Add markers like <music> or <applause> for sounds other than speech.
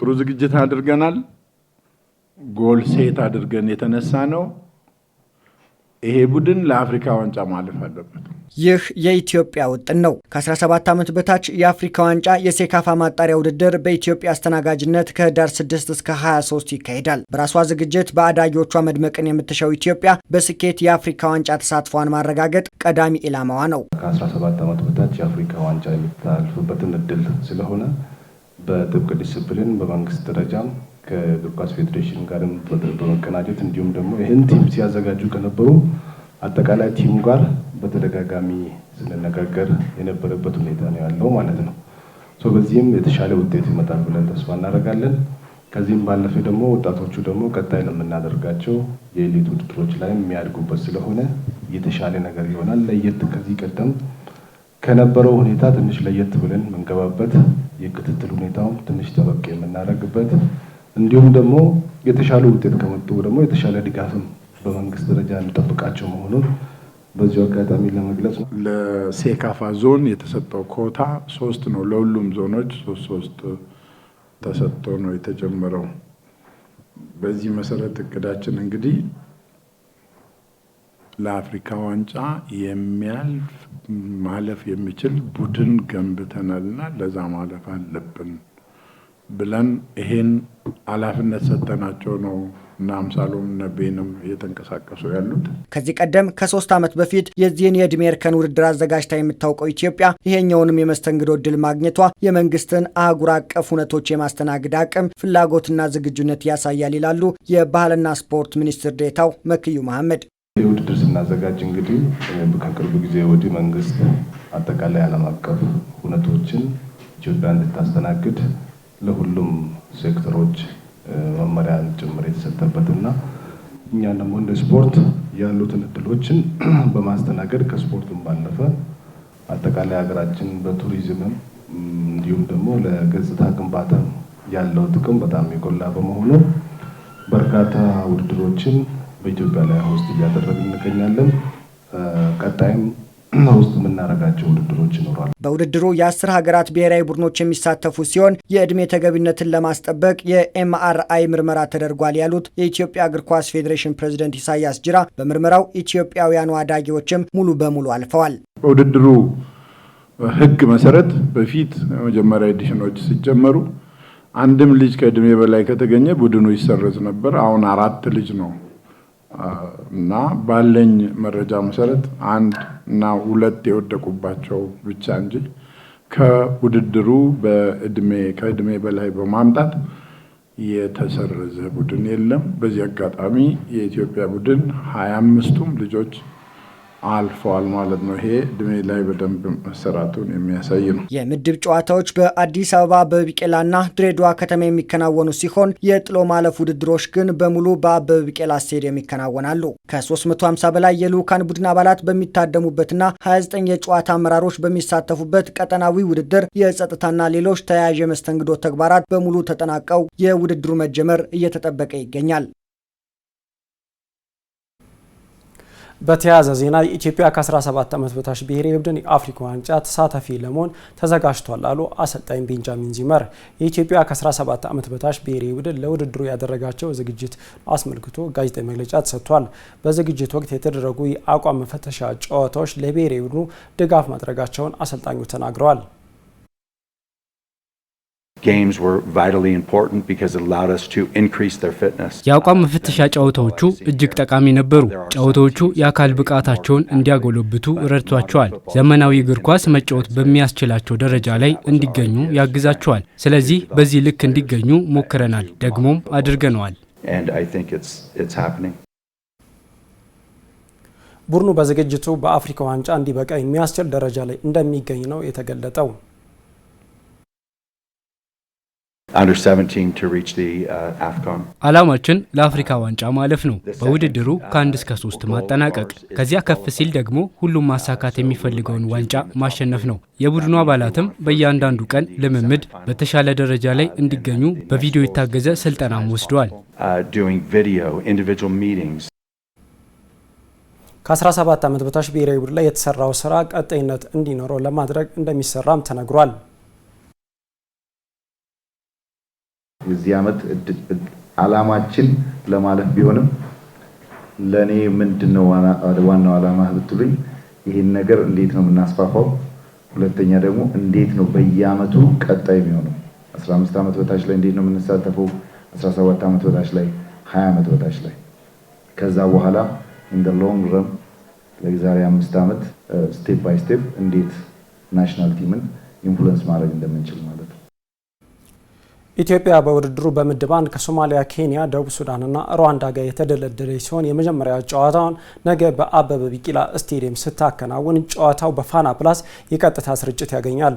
ጥሩ ዝግጅት አድርገናል። ጎል ሴት አድርገን የተነሳ ነው። ይሄ ቡድን ለአፍሪካ ዋንጫ ማለፍ አለበት። ይህ የኢትዮጵያ ውጥን ነው። ከ17 ዓመት በታች የአፍሪካ ዋንጫ የሴካፋ ማጣሪያ ውድድር በኢትዮጵያ አስተናጋጅነት ከህዳር 6 እስከ 23 ይካሄዳል። በራሷ ዝግጅት በአዳጊዎቿ መድመቅን የምትሻው ኢትዮጵያ በስኬት የአፍሪካ ዋንጫ ተሳትፏን ማረጋገጥ ቀዳሚ ኢላማዋ ነው። ከ17 ዓመት በታች የአፍሪካ ዋንጫ የምታልፍበትን እድል ስለሆነ በጥብቅ ዲስፕሊን በመንግስት ደረጃም ከእግር ኳስ ፌዴሬሽን ጋርም በመቀናጀት እንዲሁም ደግሞ ይህን ቲም ሲያዘጋጁ ከነበሩ አጠቃላይ ቲሙ ጋር በተደጋጋሚ ስንነጋገር የነበረበት ሁኔታ ነው ያለው ማለት ነው። በዚህም የተሻለ ውጤት ይመጣል ብለን ተስፋ እናደርጋለን። ከዚህም ባለፈ ደግሞ ወጣቶቹ ደግሞ ቀጣይ ለምናደርጋቸው የኤሊት ውድድሮች ላይ የሚያድጉበት ስለሆነ የተሻለ ነገር ይሆናል። ለየት ከዚህ ቀደም ከነበረው ሁኔታ ትንሽ ለየት ብለን የምንገባበት የክትትል ሁኔታውም ትንሽ ጠበቅ የምናደርግበት እንዲሁም ደግሞ የተሻለ ውጤት ከመጡ ደግሞ የተሻለ ድጋፍም በመንግስት ደረጃ እንጠብቃቸው መሆኑን በዚሁ አጋጣሚ ለመግለጽ ነው። ለሴካፋ ዞን የተሰጠው ኮታ ሶስት ነው። ለሁሉም ዞኖች ሶስት ሶስት ተሰጥቶ ነው የተጀመረው። በዚህ መሰረት እቅዳችን እንግዲህ ለአፍሪካ ዋንጫ የሚያልፍ ማለፍ የሚችል ቡድን ገንብተናልና ለዛ ማለፍ አለብን ብለን ይሄን ኃላፊነት ሰጠናቸው ነው እና አምሳሎም ነቤንም እየተንቀሳቀሱ ያሉት። ከዚህ ቀደም ከሶስት ዓመት በፊት የዚህን የእድሜ እርከን ውድድር አዘጋጅታ የምታውቀው ኢትዮጵያ ይሄኛውንም የመስተንግዶ እድል ማግኘቷ የመንግስትን አህጉር አቀፍ እውነቶች የማስተናገድ አቅም ፍላጎትና ዝግጁነት ያሳያል ይላሉ የባህልና ስፖርት ሚኒስትር ዴታው መክዩ መሐመድ። የውድድር ስናዘጋጅ እንግዲህ ከቅርብ ጊዜ ወዲህ መንግስት አጠቃላይ ዓለም አቀፍ ሁነቶችን ኢትዮጵያ እንድታስተናግድ ለሁሉም ሴክተሮች መመሪያ ጭምር የተሰጠበትና እኛ ደግሞ እንደ ስፖርት ያሉትን እድሎችን <clears throat> በማስተናገድ ከስፖርቱም ባለፈ አጠቃላይ ሀገራችን በቱሪዝምም እንዲሁም ደግሞ ለገጽታ ግንባታ ያለው ጥቅም በጣም የጎላ በመሆኑ በርካታ ውድድሮችን በኢትዮጵያ ላይ ሆስት እያደረግን እንገኛለን። ቀጣይም ውስጥ የምናደርጋቸው ውድድሮች ይኖራሉ። በውድድሩ የአስር ሀገራት ብሔራዊ ቡድኖች የሚሳተፉ ሲሆን የእድሜ ተገቢነትን ለማስጠበቅ የኤምአርአይ ምርመራ ተደርጓል ያሉት የኢትዮጵያ እግር ኳስ ፌዴሬሽን ፕሬዚደንት ኢሳያስ ጅራ በምርመራው ኢትዮጵያውያኑ አዳጊዎችም ሙሉ በሙሉ አልፈዋል። በውድድሩ ሕግ መሰረት በፊት መጀመሪያ ኤዲሽኖች ሲጀመሩ አንድም ልጅ ከእድሜ በላይ ከተገኘ ቡድኑ ይሰረዝ ነበር። አሁን አራት ልጅ ነው እና ባለኝ መረጃ መሰረት አንድ እና ሁለት የወደቁባቸው ብቻ እንጂ ከውድድሩ በእድሜ ከእድሜ በላይ በማምጣት የተሰረዘ ቡድን የለም። በዚህ አጋጣሚ የኢትዮጵያ ቡድን ሀያ አምስቱም ልጆች አልፈዋል ማለት ነው። ይሄ እድሜ ላይ በደንብ መሰራቱን የሚያሳይ ነው። የምድብ ጨዋታዎች በአዲስ አበባ በቢቄላና ድሬዳዋ ከተማ የሚከናወኑ ሲሆን የጥሎ ማለፍ ውድድሮች ግን በሙሉ በአበበ ቢቄላ ስቴዲየም ይከናወናሉ። ከ350 በላይ የልዑካን ቡድን አባላት በሚታደሙበትና 29 የጨዋታ አመራሮች በሚሳተፉበት ቀጠናዊ ውድድር የጸጥታና ሌሎች ተያያዥ የመስተንግዶ ተግባራት በሙሉ ተጠናቀው የውድድሩ መጀመር እየተጠበቀ ይገኛል። በተያያዘ ዜና ኢትዮጵያ ከ17 ዓመት በታች ብሔራዊ ቡድን የአፍሪካ ዋንጫ ተሳታፊ ለመሆን ተዘጋጅቷል አሉ አሰልጣኝ ቤንጃሚን ዚመር። የኢትዮጵያ ከ17 ዓመት በታች ብሔራዊ ቡድን ለውድድሩ ያደረጋቸው ዝግጅት አስመልክቶ ጋዜጣዊ መግለጫ ተሰጥቷል። በዝግጅት ወቅት የተደረጉ የአቋም መፈተሻ ጨዋታዎች ለብሔራዊ ቡድኑ ድጋፍ ማድረጋቸውን አሰልጣኙ ተናግረዋል። የአቋም መፈተሻ ጨዋታዎቹ እጅግ ጠቃሚ ነበሩ። ጨዋታዎቹ የአካል ብቃታቸውን እንዲያጎለብቱ ረድቷቸዋል። ዘመናዊ እግር ኳስ መጫወት በሚያስችላቸው ደረጃ ላይ እንዲገኙ ያግዛቸዋል። ስለዚህ በዚህ ልክ እንዲገኙ ሞክረናል፣ ደግሞም አድርገነዋል። ቡድኑ በዝግጅቱ በአፍሪካ ዋንጫ እንዲበቃ የሚያስችል ደረጃ ላይ እንደሚገኝ ነው የተገለጠው። Uh, ዓላማችን ለአፍሪካ ዋንጫ ማለፍ ነው። በውድድሩ uh, ከአንድ እስከ ሶስት ማጠናቀቅ፣ ከዚያ ከፍ ሲል ደግሞ ሁሉም ማሳካት የሚፈልገውን ዋንጫ ማሸነፍ ነው። የቡድኑ አባላትም በእያንዳንዱ ቀን ልምምድ፣ በተሻለ ደረጃ uh, ላይ እንዲገኙ በቪዲዮ የታገዘ ስልጠናም ወስደዋል። ከ17 ዓመት በታች ብሔራዊ ቡድን ላይ የተሰራው ስራ ቀጣይነት እንዲኖረው ለማድረግ እንደሚሰራም ተነግሯል። የዚህ ዓመት አላማችን ለማለፍ ቢሆንም ለእኔ ምንድን ነው ዋናው አላማ ብትሉኝ ይህን ነገር እንዴት ነው የምናስፋፋው፣ ሁለተኛ ደግሞ እንዴት ነው በየዓመቱ ቀጣይ የሚሆነው 15 ዓመት በታች ላይ እንዴት ነው የምንሳተፈው፣ 17 ዓመት በታች ላይ፣ 20 ዓመት በታች ላይ ከዛ በኋላ ኢንደ ሎንግ ረም ለዛሬ አምስት ዓመት ስቴፕ ባይ ስቴፕ እንዴት ናሽናል ቲምን ኢንፍሉንስ ማድረግ እንደምንችል ማለት ኢትዮጵያ በውድድሩ በምድብ አንድ ከሶማሊያ፣ ኬንያ፣ ደቡብ ሱዳንና ሩዋንዳ ጋር የተደለደለች ሲሆን የመጀመሪያ ጨዋታውን ነገ በአበበ ቢቂላ ስቴዲየም ስታከናውን ጨዋታው በፋና ፕላስ የቀጥታ ስርጭት ያገኛል።